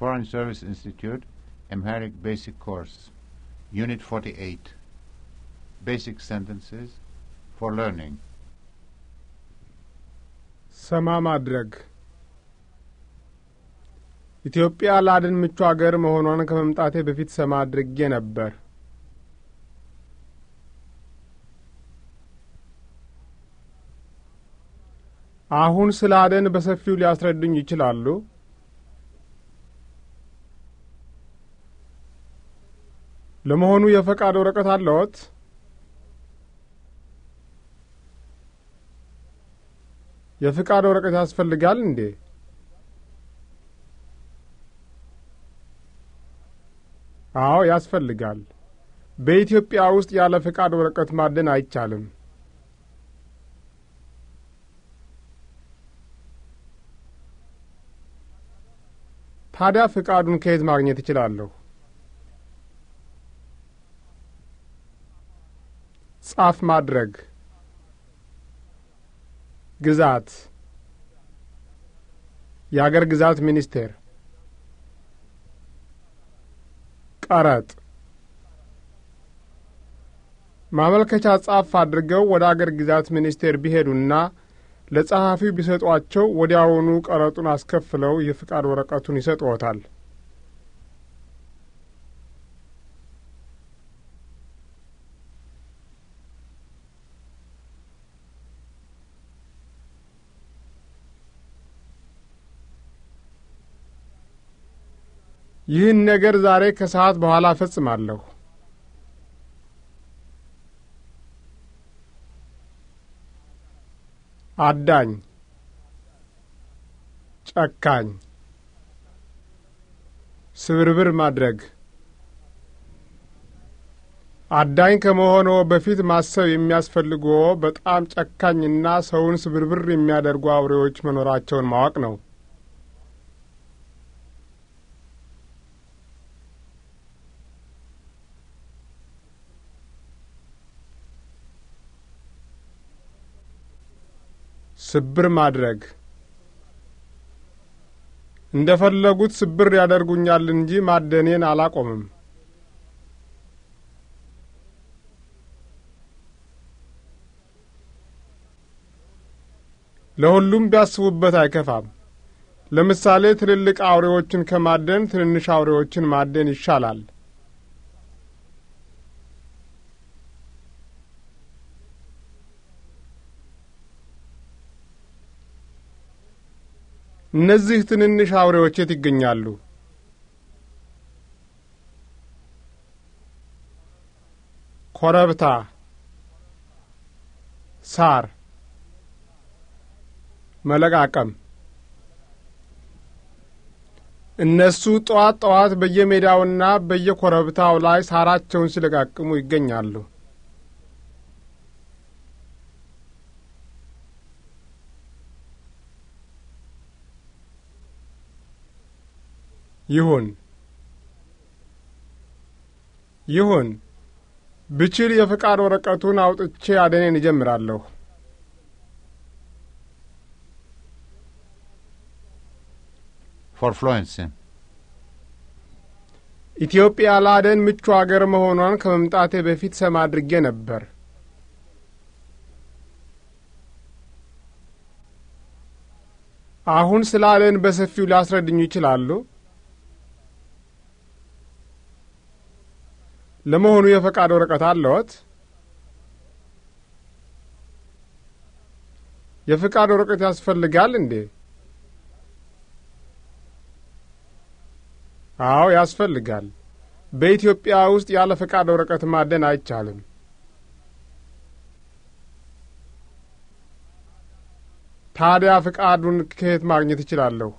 Foreign Service Institute, Amharic Basic Course, Unit 48, Basic Sentences for Learning. Sama Madrag Ethiopia Laden Mitwagar Mohonan Kam Tate Bifit Sama Madrag Ahun አሁን ስላደን በሰፊው ሊያስረዱኝ ይችላሉ? ለመሆኑ የፈቃድ ወረቀት አለዎት? የፍቃድ ወረቀት ያስፈልጋል እንዴ? አዎ ያስፈልጋል። በኢትዮጵያ ውስጥ ያለ ፍቃድ ወረቀት ማደን አይቻልም። ታዲያ ፍቃዱን ከየት ማግኘት እችላለሁ? ጻፍ ማድረግ ግዛት የአገር ግዛት ሚኒስቴር ቀረጥ ማመልከቻ ጻፍ አድርገው ወደ አገር ግዛት ሚኒስቴር ቢሄዱና ለጸሐፊው ቢሰጧቸው ወዲያውኑ ቀረጡን አስከፍለው የፍቃድ ወረቀቱን ይሰጥዎታል። ይህን ነገር ዛሬ ከሰዓት በኋላ እፈጽማለሁ። አዳኝ፣ ጨካኝ፣ ስብርብር ማድረግ። አዳኝ ከመሆኖ በፊት ማሰብ የሚያስፈልጎ በጣም ጨካኝና ሰውን ስብርብር የሚያደርጉ አውሬዎች መኖራቸውን ማወቅ ነው። ስብር ማድረግ እንደ ፈለጉት ስብር ያደርጉኛል እንጂ ማደኔን አላቆምም። ለሁሉም ቢያስቡበት አይከፋም። ለምሳሌ ትልልቅ አውሬዎችን ከማደን ትንንሽ አውሬዎችን ማደን ይሻላል። እነዚህ ትንንሽ አውሬዎች የት ይገኛሉ? ኮረብታ፣ ሳር፣ መለቃቀም። እነሱ ጠዋት ጠዋት በየሜዳውና በየኮረብታው ላይ ሳራቸውን ሲለቃቅሙ ይገኛሉ። ይሁን ይሁን ብችል የፍቃድ ወረቀቱን አውጥቼ አደኔን እጀምራለሁ። ፎርፍሎንስ ኢትዮጵያ ለአደን ምቹ አገር መሆኗን ከመምጣቴ በፊት ሰማ አድርጌ ነበር። አሁን ስለ አደን በሰፊው ሊያስረድኙ ይችላሉ? ለመሆኑ የፈቃድ ወረቀት አለዎት? የፍቃድ ወረቀት ያስፈልጋል እንዴ? አዎ ያስፈልጋል። በኢትዮጵያ ውስጥ ያለ ፍቃድ ወረቀት ማደን አይቻልም። ታዲያ ፍቃዱን ከየት ማግኘት እችላለሁ?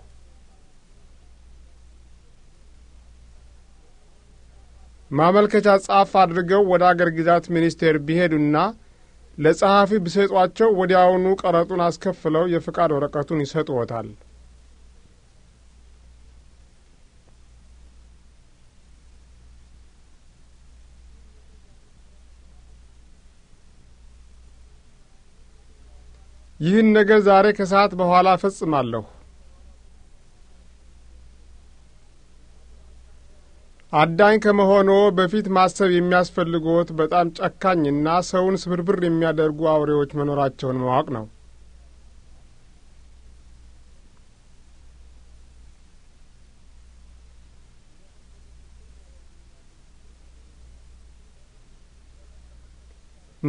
ማመልከቻ ጻፍ አድርገው ወደ አገር ግዛት ሚኒስቴር ቢሄዱና ለጸሐፊ ብሰጧቸው ወዲያውኑ ቀረጡን አስከፍለው የፍቃድ ወረቀቱን ይሰጥዎታል። ይህን ነገር ዛሬ ከሰዓት በኋላ እፈጽማለሁ። አዳኝ ከመሆኖ በፊት ማሰብ የሚያስፈልጎት በጣም ጨካኝና ሰውን ስብርብር የሚያደርጉ አውሬዎች መኖራቸውን ማወቅ ነው።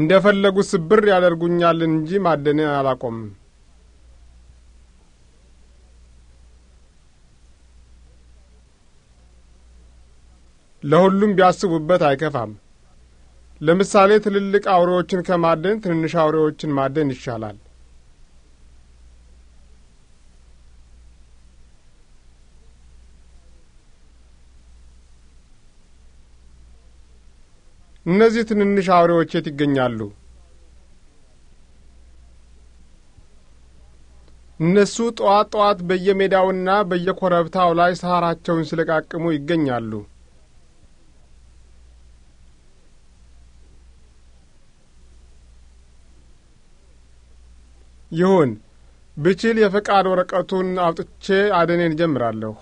እንደ ፈለጉ ስብር ያደርጉኛል እንጂ ማደንን አላቆምም። ለሁሉም ቢያስቡበት አይከፋም። ለምሳሌ ትልልቅ አውሬዎችን ከማደን ትንንሽ አውሬዎችን ማደን ይሻላል። እነዚህ ትንንሽ አውሬዎች የት ይገኛሉ? እነሱ ጠዋት ጠዋት በየሜዳውና በየኮረብታው ላይ ሳራቸውን ሲለቃቅሙ ይገኛሉ። ይሁን ብችል የፈቃድ ወረቀቱን አውጥቼ አደኔን ጀምራለሁ።